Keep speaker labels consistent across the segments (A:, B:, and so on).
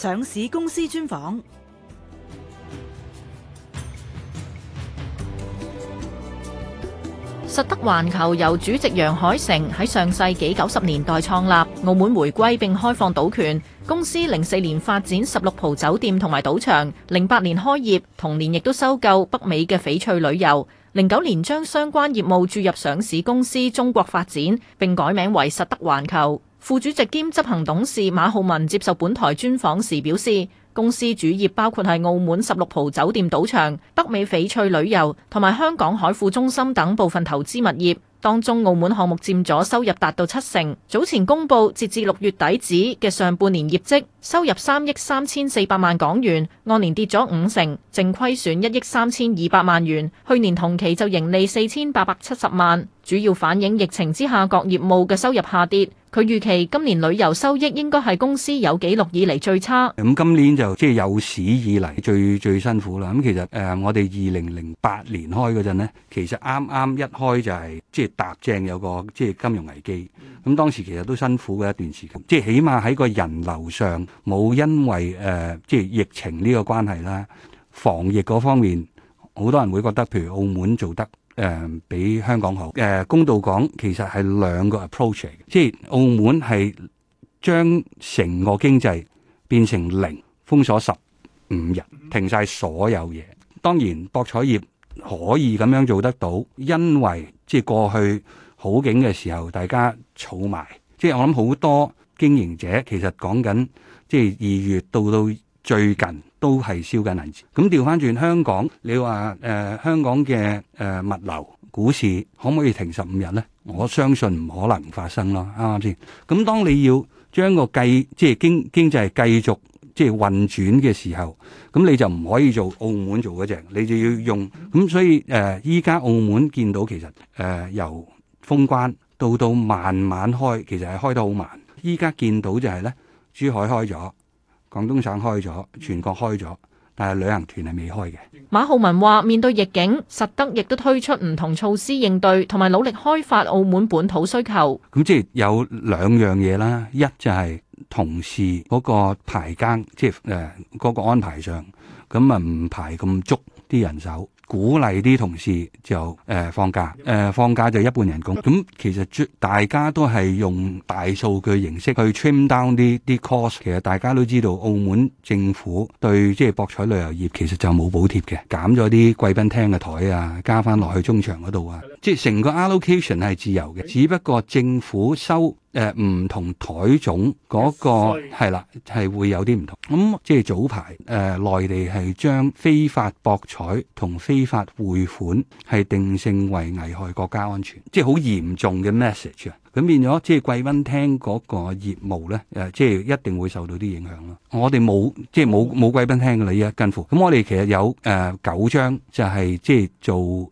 A: 上市公司專訪。實德環球由主席楊海成喺上世紀九十年代創立。澳門回歸並開放賭權，公司零四年發展十六浦酒店同埋賭場，零八年開業，同年亦都收購北美嘅翡翠旅遊。零九年將相關業務注入上市公司中國發展，並改名為實德環球。副主席兼執行董事馬浩文接受本台專訪時表示，公司主業包括係澳門十六浦酒店賭場、北美翡翠旅遊同埋香港海富中心等部分投資物業，當中澳門項目佔咗收入達到七成。早前公布截至六月底止嘅上半年業績，收入三億三千四百萬港元，按年跌咗五成，淨虧損一億三千二百萬元。去年同期就盈利四千八百七十萬，主要反映疫情之下各業務嘅收入下跌。佢預期今年旅遊收益應該係公司有記錄以嚟最差。
B: 咁今年就即係有史以嚟最最辛苦啦。咁其實誒，我哋二零零八年開嗰陣咧，其實啱啱一開就係、是、即係搭正有個即係金融危機。咁當時其實都辛苦嘅一段時間，即係起碼喺個人流上冇因為誒即係疫情呢個關係啦，防疫嗰方面好多人會覺得譬如澳門做得。誒、uh, 比香港好，誒、uh, 公道講，其實係兩個 approach 嚟嘅，即係澳門係將成個經濟變成零，封鎖十五日，停晒所有嘢。當然博彩業可以咁樣做得到，因為即係過去好景嘅時候，大家儲埋。即係我諗好多經營者其實講緊，即係二月到到最近，都係燒緊銀子，咁調翻轉香港，你話誒、呃、香港嘅誒、呃、物流股市可唔可以停十五日咧？我相信唔可能發生咯，啱啱先？咁、嗯、當你要將個繼即係經經濟繼續即係運轉嘅時候，咁、嗯、你就唔可以做澳門做嗰隻，你就要用。咁、嗯、所以誒，依、呃、家澳門見到其實誒、呃、由封關到到慢慢開，其實係開得好慢。依家見到就係咧，珠海開咗。廣東省開咗，全國開咗，但係旅行團係未開嘅。
A: 馬浩文話：面對逆境，實德亦都推出唔同措施應對，同埋努力開發澳門本土需求。
B: 咁即係有兩樣嘢啦，一就係、是。同事嗰個排更即係，誒，嗰個安排上，咁啊，唔排咁足啲人手，鼓勵啲同事就誒、呃、放假，誒、呃、放假就一半人工。咁其實大家都係用大數據形式去 trim down 啲啲 cost 嘅。其實大家都知道澳門政府對即係、就是、博彩旅遊業其實就冇補貼嘅，減咗啲貴賓廳嘅枱啊，加翻落去中場嗰度啊。即係成個 allocation 係自由嘅，只不過政府收誒唔、呃、同台種嗰、那個係啦，係會有啲唔同。咁、嗯、即係早排誒、呃、內地係將非法博彩同非法匯款係定性為危害國家安全，即係好嚴重嘅 message 啊！咁變咗，即係貴賓廳嗰個業務咧，誒，即係一定會受到啲影響咯。我哋冇，即係冇冇貴賓廳嘅啦，依家近乎。咁我哋其實有誒九張，就係即係做誒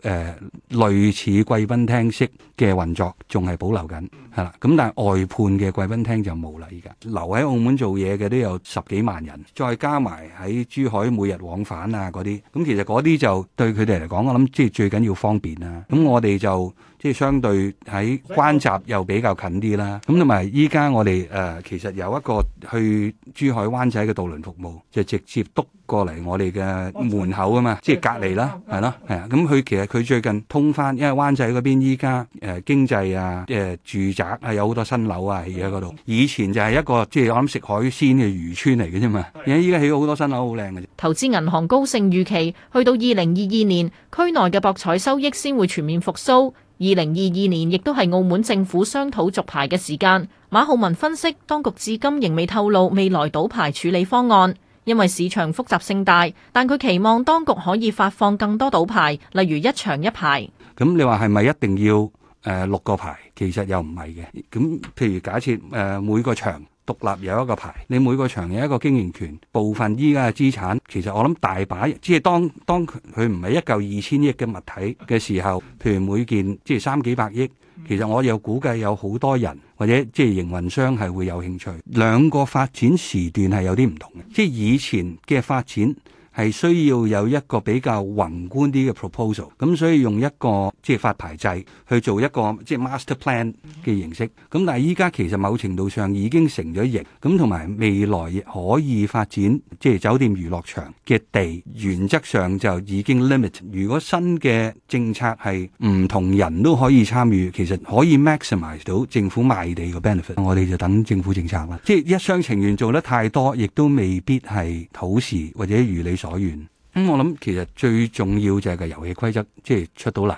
B: 類似貴賓廳式嘅運作，仲係保留緊，係啦。咁但係外判嘅貴賓廳就冇啦。依家留喺澳門做嘢嘅都有十幾萬人，再加埋喺珠海每日往返啊嗰啲。咁其實嗰啲就對佢哋嚟講，我諗即係最緊要方便啦。咁我哋就。即係相對喺關閘又比較近啲啦。咁同埋，依為家何我哋誒、呃、其實有一個去珠海灣仔嘅渡輪服務，就直接督過嚟我哋嘅門口啊嘛，即係隔籬啦，係咯，係啊。咁佢其實佢最近通返，因為灣仔嗰邊依家誒經濟啊，誒、呃、住宅係、啊、有好多新樓啊，喺嗰度。以前就係一個即係我諗食海鮮嘅漁村嚟嘅啫嘛。而家依家起咗好多新樓，好靚嘅。
A: 投資銀行高盛預期，去到二零二二年，區內嘅博彩收益先會全面復甦。二零二二年亦都係澳門政府商討續牌嘅時間。馬浩文分析，當局至今仍未透露未來賭牌處理方案，因為市場複雜性大。但佢期望當局可以發放更多賭牌，例如一場一牌。
B: 咁你話係咪一定要誒六個牌？其實又唔係嘅。咁譬如假設誒每個場。獨立有一個牌，你每個場有一個經營權，部分依家嘅資產，其實我諗大把，即係當當佢唔係一嚿二千億嘅物體嘅時候，譬如每件即係三幾百億，其實我又估計有好多人或者即係營運商係會有興趣。兩個發展時段係有啲唔同嘅，即係以前嘅發展。係需要有一個比較宏觀啲嘅 proposal，咁所以用一個即係、就是、發牌制去做一個即係、就是、master plan 嘅形式。咁但係依家其實某程度上已經成咗形，咁同埋未來亦可以發展即係、就是、酒店娛樂場嘅地，原則上就已經 limit。如果新嘅政策係唔同人都可以參與，其實可以 maximise 到政府賣地嘅 benefit。我哋就等政府政策啦。即、就、係、是、一廂情願做得太多，亦都未必係好事，或者如你所願咁，我諗其實最重要就係個遊戲規則，即係出到嚟。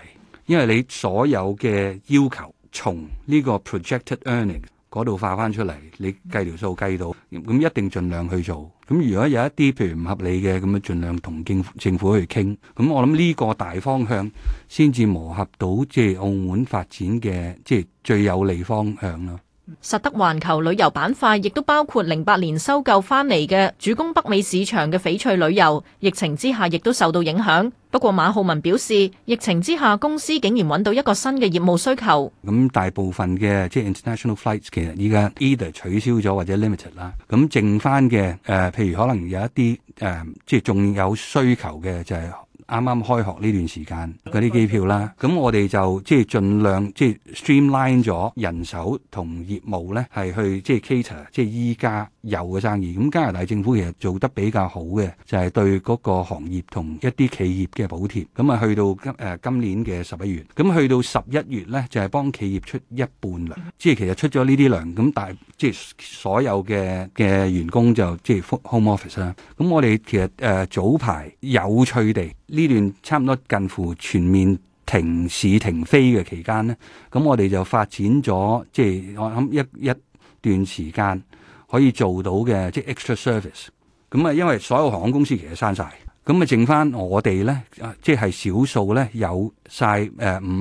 B: 因為你所有嘅要求，從呢個 projected earning 嗰度化翻出嚟，你計條數計到，咁一定盡量去做。咁如果有一啲譬如唔合理嘅，咁樣盡量同政府政府去傾。咁我諗呢個大方向，先至磨合到即係澳門發展嘅即係最有利方向咯。
A: 實德環球旅遊板塊亦都包括零八年收購翻嚟嘅主攻北美市場嘅翡翠旅遊，疫情之下亦都受到影響。不過馬浩文表示，疫情之下公司竟然揾到一個新嘅業務需求。
B: 咁大部分嘅即係、就是、international flights 其實而家 either 取消咗或者 limited 啦，咁剩翻嘅誒，譬如可能有一啲誒，即係仲有需求嘅就係、是。啱啱開學呢段時間嗰啲機票啦，咁我哋就即係、就是、盡量即係、就是、streamline 咗人手同業務咧，係去即係、就是、cater 即係依家有嘅生意。咁加拿大政府其實做得比較好嘅，就係、是、對嗰個行業同一啲企業嘅補貼。咁啊，去到今誒今年嘅十一月，咁去到十一月咧，就係、是、幫企業出一半糧，即、就、係、是、其實出咗呢啲糧。咁但係即係所有嘅嘅員工就即係、就是、home office 啦。咁我哋其實誒、呃、早排有趣地。呢段差唔多近乎全面停市停飛嘅期間呢，咁我哋就發展咗，即係我諗一一段時間可以做到嘅，即係 extra service。咁啊，因為所有航空公司其實刪晒，咁啊剩翻我哋呢，即係少數呢有晒誒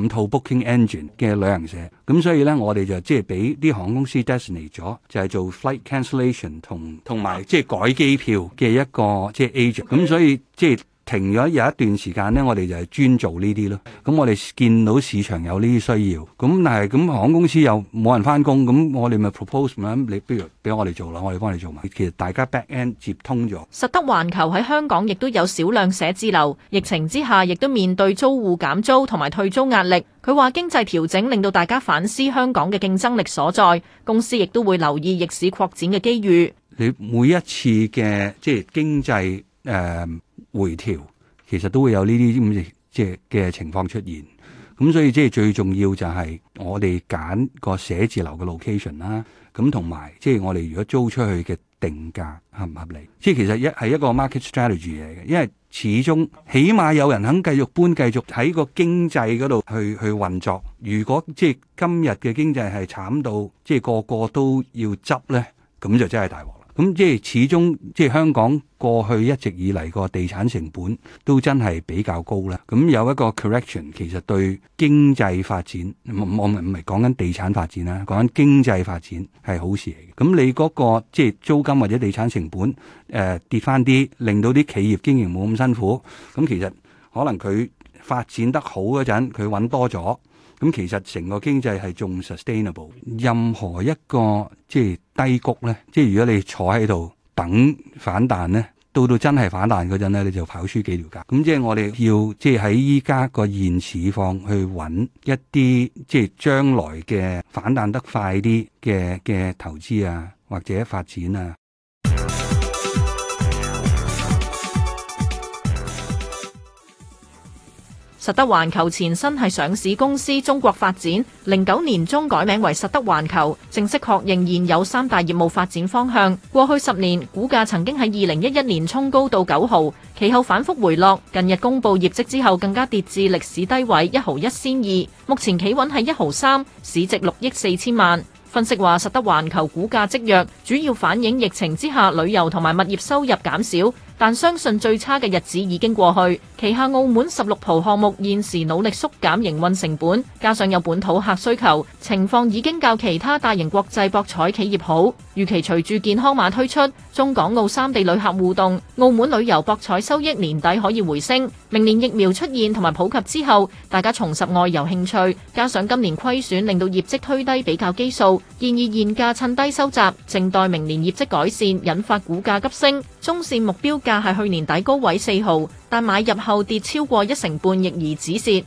B: 五套 booking engine 嘅旅行社。咁所以呢，我哋就即係俾啲航空公司 design 咗，就係做 flight cancellation 同同埋即係改機票嘅一個即係 agent。咁所以即係。停咗有一段時間呢，我哋就係專做呢啲咯。咁我哋見到市場有呢啲需要，咁但係咁航空公司又冇人返工，咁我哋咪 propose 咪咁你，不如俾我哋做啦，我哋幫你做埋。其實大家 back end 接通咗。
A: 實德環球喺香港亦都有少量寫字樓，疫情之下亦都面對租戶減租同埋退租壓力。佢話經濟調整令到大家反思香港嘅競爭力所在，公司亦都會留意逆市擴展嘅機遇。
B: 你每一次嘅即係經濟誒？回調其實都會有呢啲咁嘅情況出現，咁所以即係最重要就係我哋揀個寫字樓嘅 location 啦，咁同埋即係我哋如果租出去嘅定價合唔合理？即係其實一係一個 market strategy 嚟嘅，因為始終起碼有人肯繼續搬、繼續喺個經濟度去去運作。如果即係今日嘅經濟係慘到即係、就是、個個都要執咧，咁就真係大鑊。咁即係始終即係香港過去一直以嚟個地產成本都真係比較高啦。咁有一個 correction，其實對經濟發展，我唔係唔係講緊地產發展啦，講緊經濟發展係好事嚟嘅。咁你嗰個即係租金或者地產成本誒跌翻啲，令到啲企業經營冇咁辛苦。咁其實可能佢發展得好嗰陣，佢揾多咗。咁其實成個經濟係仲 sustainable，任何一個即係低谷咧，即係如果你坐喺度等反彈咧，到到真係反彈嗰陣咧，你就跑輸幾條街。咁即係我哋要即係喺依家個現市況去揾一啲即係將來嘅反彈得快啲嘅嘅投資啊，或者發展啊。
A: 實德環球前身係上市公司中國發展，零九年中改名為實德環球，正式確認現有三大業務發展方向。過去十年股價曾經喺二零一一年衝高到九毫，其後反復回落。近日公布業績之後，更加跌至歷史低位一毫一仙二，目前企穩喺一毫三，市值六億四千萬。分析話，實德環球股價積弱，主要反映疫情之下旅遊同埋物業收入減少。但相信最差嘅日子已經過去。旗下澳門十六浦項目現時努力縮減營運成本，加上有本土客需求，情況已經較其他大型國際博彩企業好。預期隨住健康碼推出，中港澳三地旅客互動，澳門旅遊博彩收益年底可以回升。明年疫苗出現同埋普及之後，大家重拾外遊興趣，加上今年虧損令到業績推低比較基數，建議現價趁低收集，靜待明年業績改善，引發股價急升。中線目標價係去年底高位四毫，但買入後跌超過一成半，逆而止蝕。